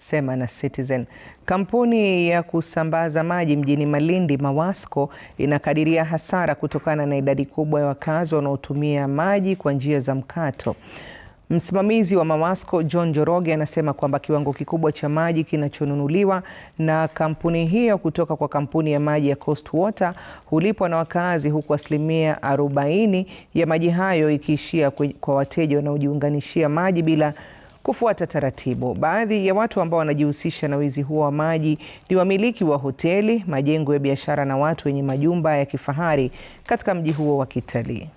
sema na Citizen. Kampuni ya kusambaza maji mjini Malindi Mawasco inakadiria hasara kutokana na idadi kubwa ya wakazi wanaotumia maji kwa njia za mkato. Msimamizi wa Mawasco John Joroge anasema kwamba kiwango kikubwa cha maji kinachonunuliwa na kampuni hiyo kutoka kwa kampuni ya maji ya Coast Water hulipwa na wakazi, huku asilimia 40 ya maji hayo ikiishia kwa wateja wanaojiunganishia maji bila kufuata taratibu. Baadhi ya watu ambao wanajihusisha na wizi huo wa maji ni wamiliki wa hoteli, majengo ya biashara na watu wenye majumba ya kifahari katika mji huo wa kitalii.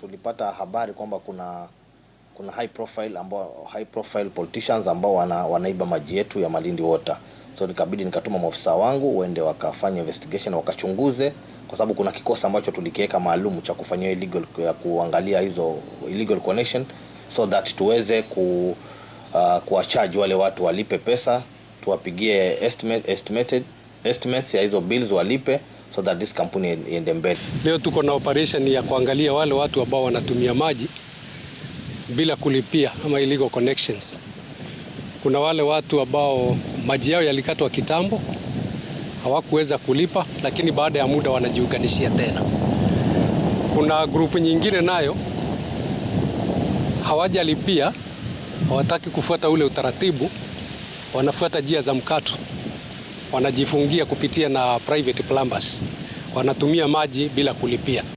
Tulipata habari kwamba kuna kuna high profile ambao high profile politicians ambao wana, wanaiba maji yetu ya Malindi Water, so nikabidi nikatuma maofisa wangu waende wakafanya investigation wakachunguze, kwa sababu kuna kikosi ambacho tulikiweka maalum cha kufanyia illegal ya kuangalia hizo illegal connection, so that tuweze ku uh, kuwachaji wale watu walipe pesa, tuwapigie estimate, estimated estimates ya hizo bills walipe so that this company iende mbele. Leo tuko na operation ya kuangalia wale watu ambao wanatumia maji bila kulipia ama illegal connections. Kuna wale watu ambao maji yao yalikatwa kitambo, hawakuweza kulipa, lakini baada ya muda wanajiunganishia tena. Kuna grupu nyingine nayo hawajalipia, hawataki kufuata ule utaratibu, wanafuata njia za mkato, wanajifungia kupitia na private plumbers, wanatumia maji bila kulipia.